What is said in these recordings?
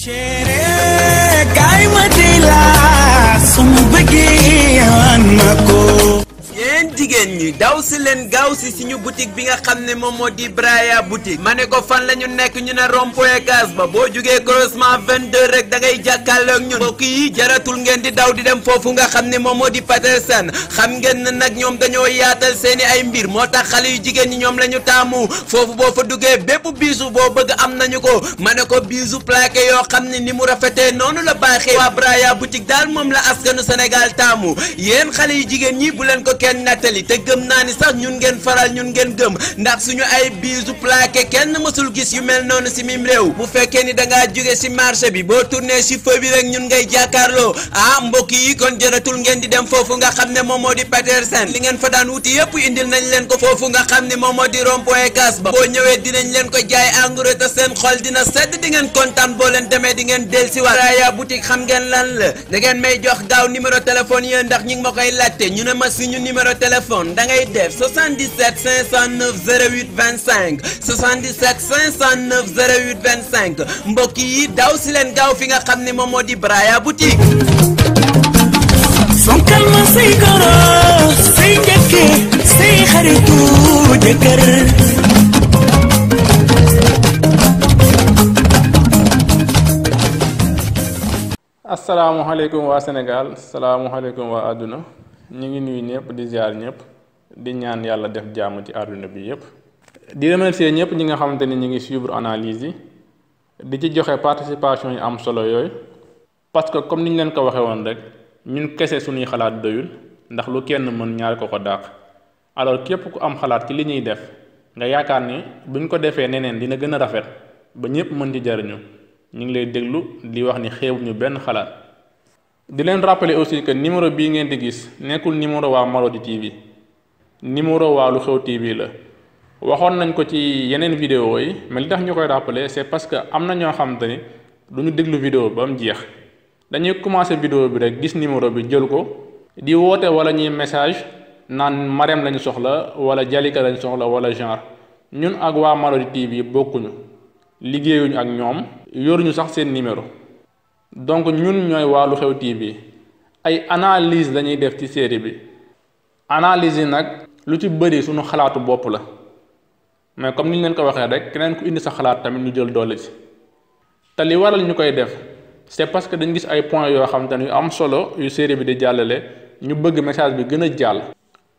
शेरे काय मजेला jigéen ñi daw si leen gaaw si suñu boutique bi nga xam ne moom moo di Braya boutique ma ne ko fan la nekk ñu ne rond-point gaz ba boo jugee croisement 22 rek dangay ngay jàkkaarloog ñun mbokk yi jaratul ngeen di daw di dem foofu nga xam ne moom moo di Petersen xam ngeen ne nag ñoom dañoo yaatal seeni ay mbir moo tax xale yu jigéen ñi ñoom la ñu taamu foofu boo fa duggee bépp biisu boo bëgg am nañu ko ma ne ko biisu plaqué yoo xam ne ni mu rafetee noonu la baaxee waa Braya boutique daal moom la askanu Sénégal taamu yéen xale yu jigéen ñi bu leen ko kenn nattali yi te gëm naa ni sax ñun ngeen faral ñun ngeen gëm ndax suñu ay biisu plaqué kenn mësul gis yu mel noonu si mim réew bu fekkee ni da ngaa jóge si marché bi boo tourné si feu bi rek ñun ngay jàkkaarloo ah mbokk yi kon jëratul ngeen di dem foofu nga xam ne moom moo di Petersen li ngeen fa daan wuti yëpp indil nañ leen ko foofu nga xam ne moom moo di rond-point Case ba boo ñëwee dinañ leen ko jaay engrais te seen xol dina sedd di ngeen kontaan booleen leen demee di ngeen del si waat Raya boutique xam ngeen lan la da ngeen may jox gaaw numéro téléphone yéen ndax ñi ngi ma koy laajte ñu ne ma numéro téléphone téléphone da ngay def 77 509 08 25 mbokk yi daw si leen gaaw fi nga xam ne moom moo di Braya boutique. fonkal ma say goro say njëkke say xaritu jëkkër asalaamualeykum waa Sénégal salaamualeykum waa àdduna ñu ngi nuyu ñëpp di ziar ñëpp di ñaan yàlla def jàmm ci àdduna bi yëpp. di remercier ñëpp ñi nga xamante ni ñu ngi suivre analyse yi di ci joxe participation yu am solo yooyu parce que comme ni ñu leen ko waxee woon rek ñun kese suñuy xalaat doyul ndax lu kenn mën ñaar ko ko dàq alors képp ku am xalaat ki li ñuy def nga yaakaar ni buñ ko defee neneen dina gën a rafet ba ñëpp mën ci jariñu ñu ngi lay déglu di wax ni xeebuñu benn xalaat. di leen rappeler aussi que numéro bii ngeen di gis nekkul numéro waa Marodi TV numéro waa lu xew TV la waxoon nañ ko ci yeneen vidéo yi mais li tax ñu koy rappeler c'est parce que am na ñoo xam ne du ñu déglu vidéo ba mu jeex dañuy commencer vidéo bi rek gis numéro bi jël ko di woote wala ñuy message naan Marème lañ soxla wala Jalika lañ soxla wala genre ñun ak waa Marodi TV bokkuñu liggéeyuñu ak ñoom yoruñu sax seen numéro. donc ñun ñooy waa Lu Xew TV ay analyse lañuy def ci série bi analyse yi nag lu ci bëri suñu xalaatu bopp la mais comme ni ñu leen ko waxee rek keneen ku indi sa xalaat tamit ñu jël doole si te li waral ñu koy def c'est parce que dañ gis ay points yoo xam te ne yu am solo yu série bi di jàllale ñu bëgg message bi gën a jàll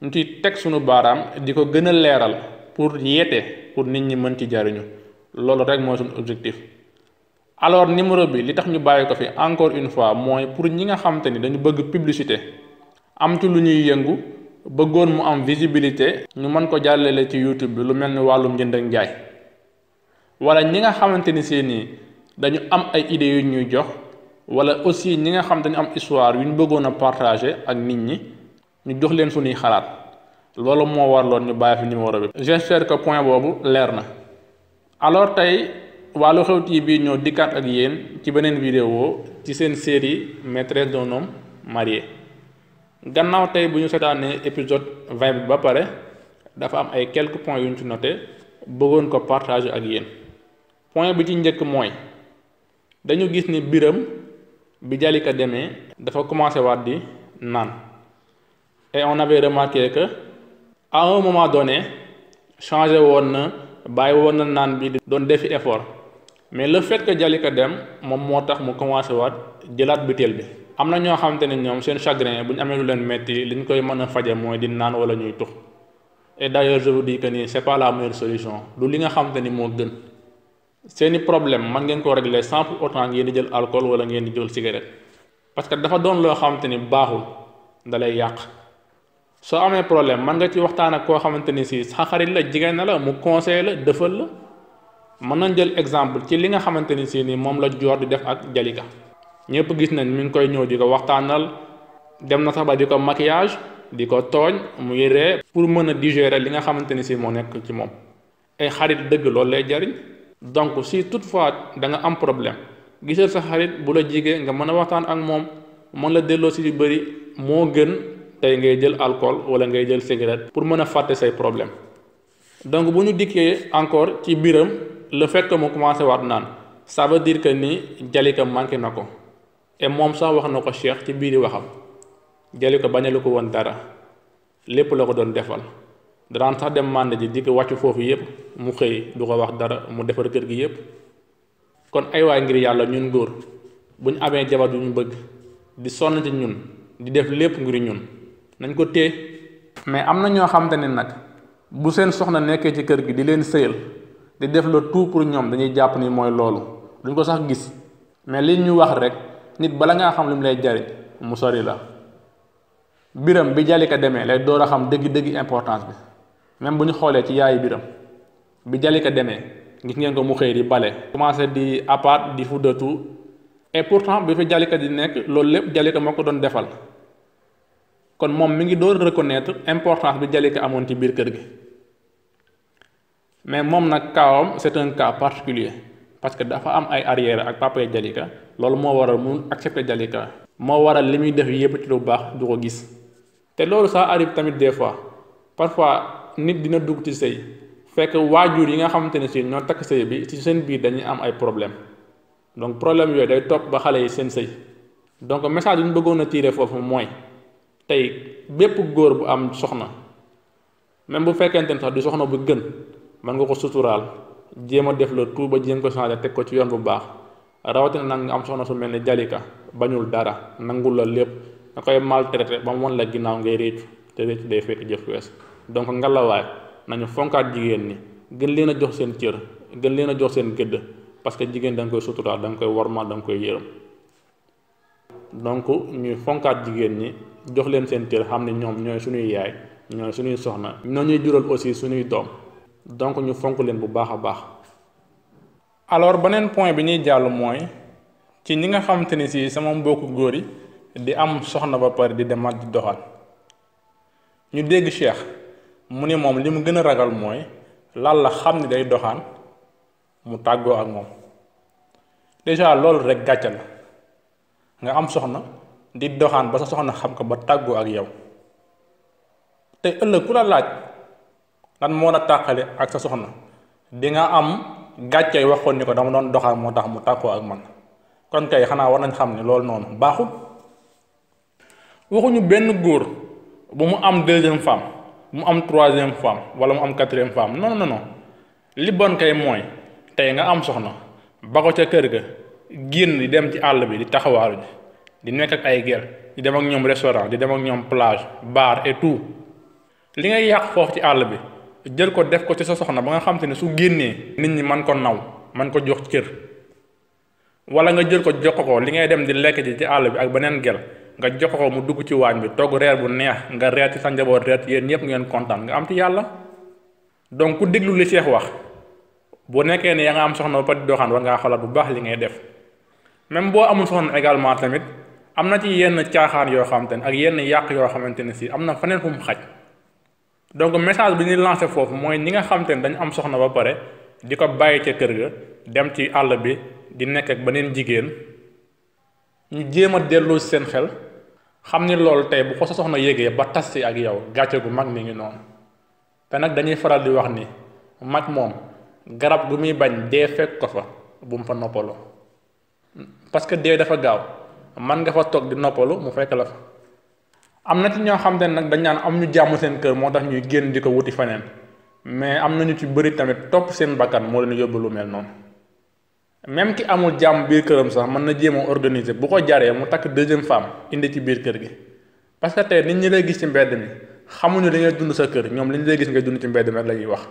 ñu ci teg suñu baaraam di ko gën a leeral pour yeete pour nit ñi mën ci jariñu loolu rek mooy suñu objectif alors numéro bi li tax ñu bàyyi ko fi encore une fois mooy pour ñi nga xam ni dañu bëgg publicité am ci lu ñuy yëngu bëggoon mu am visibilité ñu mën ko jàllale ci YouTube bi lu mel ni wàllum njënd ak njaay wala ñi nga xamante ni seen nii dañu am ay idées yu ñuy jox wala aussi ñi nga xam dañu am histoire yu ñu bëggoon a partager ak nit ñi ñu jox leen suñuy xalaat loolu moo warloon ñu bàyyi fi numéro bi j'espère que point boobu leer na alors tey waa Lu Xew TV ñoo dikkaat ak yéen ci beneen vidéo ci seen série maîtresse d'un marie gannaaw tey bu ñu seetaanee épisode vingt ba pare dafa am ay quelques points yu ñu ci noté bëggoon ko partager ak yéen point bi ci njëkk mooy dañu gis ni biram bi Jalika demee dafa commencé waat di naan et on avait remarqué que à moment donné changé woon na bàyyi woon na naan bi doon defi effort mais le fait que ko dem moom moo tax mu commencé waat jëlaat butéel bi am na ñoo xamante ne ñoom seen chagrin bu ñu amee lu leen metti li ñu koy mën a faje mooy di naan wala ñuy tux et d'ailleurs je vous dis que nii c'est pas la meilleure solution du li nga xamante ni moo gën seeni problème man ngeen ko régler sans pour autant ngeen di jël alcool wala ngeen di jël cigarette parce que dafa doon loo xamante ni baaxul da lay yàq soo amee problème man nga ci waxtaan ak koo xamante ni si sa la jigéen na la mu conseil la dëfal la mën nañ jël exemple ci li nga xamante ni si ni moom la joor di def ak Jalika ñëpp gis nañ mu ngi koy ñëw di ko waxtaanal dem na sax ba di ko maquillage di ko tooñ muy ree pour mën a digérer li nga xamante ni si moo nekk ci moom ay xarit dëgg loolu lay jariñ donc si toutefois da nga am problème gisal sa xarit bu la jigee nga mën a waxtaan ak moom mën la delloo si yu bëri moo gën tey ngay jël alcool wala ngay jël cigarette pour mën a fàtte say problème donc biram le fait que mu commencé waat naan ça veut que ni Jalika manqué na ko et moom sax wax na ko Cheikh ci biir yi waxam Jalika bañalu ko woon dara lépp la ko doon defal danaan sax dem mànd ji di ko wàccu foofu yépp mu xëy du ko wax dara mu defar kër gi yépp kon ay waay ngir yàlla ñun góor bu ñu amee jabar bu ñu bëgg di sonn ci ñun di def lépp ngir ñun nañ ko téye mais am na ñoo xamante ne nag bu seen soxna nekkee ci kër gi di leen sëyal di def le tout pour ñoom dañuy jàpp ni mooy loolu duñ ko sax gis mais li ñu wax rek nit bala ngaa xam li mu lay jariñ mu sori la biram bi jalika demee lay door a xam dëgg-dëgg importance bi même bu ñu xoolee ci yaayu biram bi jalika demee ngi ngeen ko mu xëy di bale commencé di appart di fuddatu et bi fi jalika di nekk loolu lépp jalika moo ko doon defal kon moom mi ngi doon reconnaître importance bi jalika amoon ci biir kër gi mais moom nag kaawam c'est un cas particulier parce que dafa am ay arrière ak papay Jalika loolu moo waral mun accepter Jalika moo waral li muy def yëpp ci lu baax du ko gis te loolu ça arrive tamit des fois parfois nit dina dugg ci sëy fekk waajur yi nga xamante ni si ñoo takk sëy bi ci seen biir dañuy am ay problème donc problème yooyu day topp ba xale yi seen sëy donc message bi ñu bëggoon a tirer foofu mooy tey bépp góor bu am soxna même bu fekkente ne sax du soxna bu gën man nga ko suturaal jéem a def la tout ba jéem ko changé teg ko ci yoon bu baax rawatina nag nga am soxna su mel ni jalika bañul dara nangul la lépp nga koy maltraité ba mu won la ginnaaw ngay réccu te réccu day fekk jëf wees donc ngalawaay nañu fonkaat jigéen ñi gën leen a jox seen cër gën leen a jox seen gëdd parce que jigéen da nga koy suturaal da nga koy war da danga koy yërëm donc ñuy fonkaat jigéen ñi jox leen seen cër xam ne ñoom ñooy suñuy yaay ñooy suñuy soxna ñoo ñuy jural aussi suñuy doom donc ñu fonk leen bu baax a baax alors beneen point bi ñuy jàll mooy ci ñi nga xamante ni si sama mbokku góor yi di am soxna ba pare di demaat di doxal ñu dégg Cheikh mu ni moom li mu gën a ragal mooy lan la xam ne day doxaan mu tàggoo ak moom déjà loolu rek gàcce nga am soxna di doxaan ba sa soxna xam ko ba tàggoo ak yow te ëllëg ku la laaj. lan moo la tàqale ak sa soxna di nga am gàccay waxoon ni ko dama doon doxal moo tax mu takkoo ak man kon kay xanaa war nañ xam ne loolu noonu baaxul waxuñu benn góor bu mu am deuxième femme mu am troisième femme wala mu am quatrième femme non non non li bon kay mooy tey nga am soxna ba ko ca kër ga génn di dem ci àll bi di taxawaalu bi di nekk ak ay gel di dem ak ñoom restaurant di dem ak ñoom plage bar et tout li ngay yàq foofu ci àll bi jël ko def ko ci sa soxna ba nga xam te ne su génnee nit ñi man ko naw man ko jox cër wala nga jël ko jox ko li ngay dem di lekk ji ci àll bi ak beneen gel nga jox ko mu dugg ci waañ bi togg reer bu neex nga reer ci sa njaboot reer yéen ñëpp ngeen kontaan nga am ci yàlla donc ku déglu li Cheikh wax boo nekkee ne yaa nga am soxna ba pare di doxaan war ngaa xalaat bu baax li ngay def même boo amul soxna également tamit am na ci yenn caaxaan yoo xamante ne ak yenn yàq yoo xamante ne si am na feneen xaj donc message bi ñuy lancé foofu mooy ñi nga xam te ne dañu am soxna ba pare di ko bàyyi ca kër ga dem ci àll bi di nekk ak beneen jigéen ñu jéem a delloo seen xel xam ni loolu tey bu ko soxna yéegee ba tas si ak yow gàcce gu mag mi ngi noonu te nag dañuy faral di wax ni mag moom garab gu muy bañ dee fekk ko fa bu mu fa noppaloo parce que dee dafa gaaw man nga fa toog di noppalu mu fekk la fa. am na ci ñoo xam te ne nag dañ naan am ñu jàmm seen kër moo tax ñuy génn di ko wuti feneen mais am na ñu ci bëri tamit topp seen bakkan moo leen yóbbu lu mel noonu même ki amul jàmm biir këram sax mën na jéem a bu ko jaree mu takk deuxième femme indi ci biir kër gi parce que tey nit ñi lay gis ci mbedd mi xamuñu li ngay dund sa kër ñoom li ñu gis ngay dund ci mbedd mi rek la ñuy wax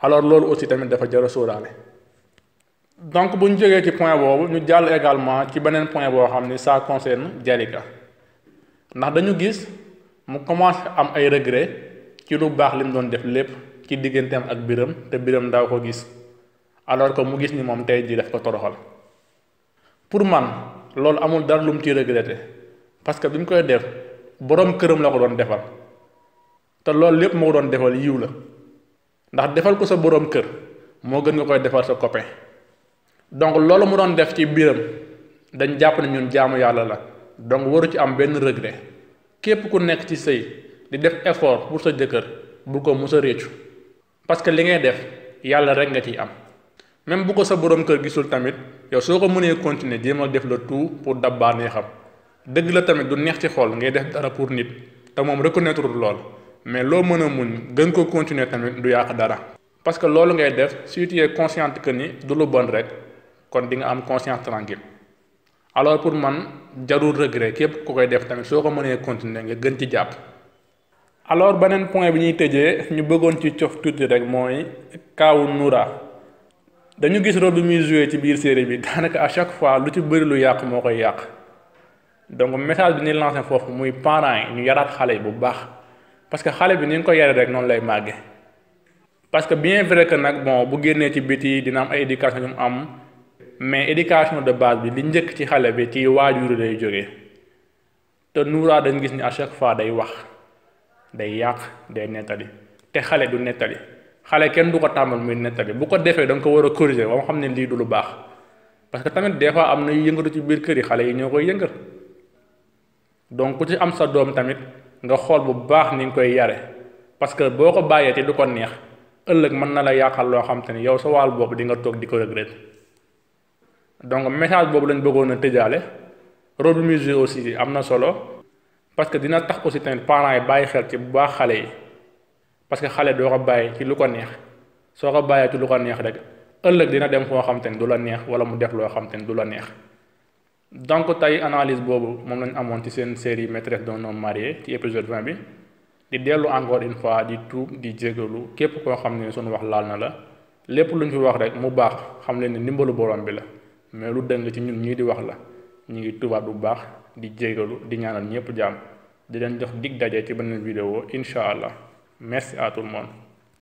alors loolu aussi tamit dafa jar a sóoraale donc bu ñu jógee ci point boobu ñu jàll également ci beneen boo xam ni ça concerne Jalika ndax dañu gis mu commencé am ay regret ci lu baax li mu doon def lépp ci digganteem ak biram te biram ndaw ko gis alors que mu gis ni moom tey jii daf ko toroxal pour man loolu amul dara lum ci ciy regretté parce que bi mu koy def borom këram la ko doon defal te loolu lépp mu ko doon defal yiw la ndax defal ko sa borom kër moo gën nga koy defal sa copain donc loolu mu doon def ci biram dañ jàpp ne ñun jaamu yàlla la. donc waru ci am benn regret képp ku nekk ci sëy di def effort pour sa jëkkër bu ko mës a réccu parce que li ngay def yàlla rek nga ciy am même bu ko sa borom kër gisul tamit yow soo ko mënee continuer jéemal def le tout pour dabbaar nee xam dëgg la tamit du neex ci xol ngay def dara pour nit te moom reconnaître lool mais loo mën a muñ gën ko continuer tamit du yàq dara. parce que loolu ngay def si tu es consciente que ni du lu bon rek kon di nga am conscience tranquille alors pour man jarul regret képp ku koy def tamit soo ko mënee continuer nga gën ci jàpp. alors beneen point bi ñuy tëjee ñu bëggoon ci cof tuuti rek mooy kaawu Noura dañu gis rôle bi muy joué ci biir série bi daanaka à chaque fois lu ci bëri lu yàq moo koy yàq donc message bi ni lancé foofu muy parent yi ñu yaraat xale yi bu baax parce que xale bi ni nga ko yaree rek noonu lay màggee parce que bien vrai que nag bon bu génnee ci biti dina am ay éducation yu mu am. mais éducation de base bi li njëkk ci xale bi ci waajur lay jógee te Noura dañ gis ni a chaque fois day wax day yàq day nettali te xale du nettali xale kenn du ko tàmbal muy nettali bu ko defee danga ko war a corriger ba nga xam ne lii du lu baax parce que tamit des fois am na yëngatu ci biir kër yi xale yi ñoo koy yëngal donc ku ci am sa doom tamit nga xool bu baax ni nga koy yare parce que boo ko bàyyee te du ko neex ëllëg mën na la yàqal loo xam te yow sa wàll boobu di nga toog di ko regret donc message boobu lañ bëggoon a tëjaale rôle bi aussi joué am na solo parce que dina tax aussi tamit parents yi bàyyi xel ci bu baax xale yi parce que xale doo ko bàyyi ci lu ko neex soo ko bàyyee ci lu ko neex rek ëllëg dina dem koo xam te du la neex wala mu def loo xam te du la neex donc tey analyse boobu moom lañ amoon ci seen série maîtresse d'un homme marié ci épisode 20 bi di dellu encore une fois di tuub di jégalu képp koo xam ne suñu wax laal na la lépp luñ fi wax rek mu baax xam leen ne ndimbalu borom bi la mais lu dëng ci ñun ñii di wax la ñu ngi tubaab bu baax di jégalu di ñaanal ñëpp jàmm di leen jox dig daje ci beneen vidéo incha allah merci à tout le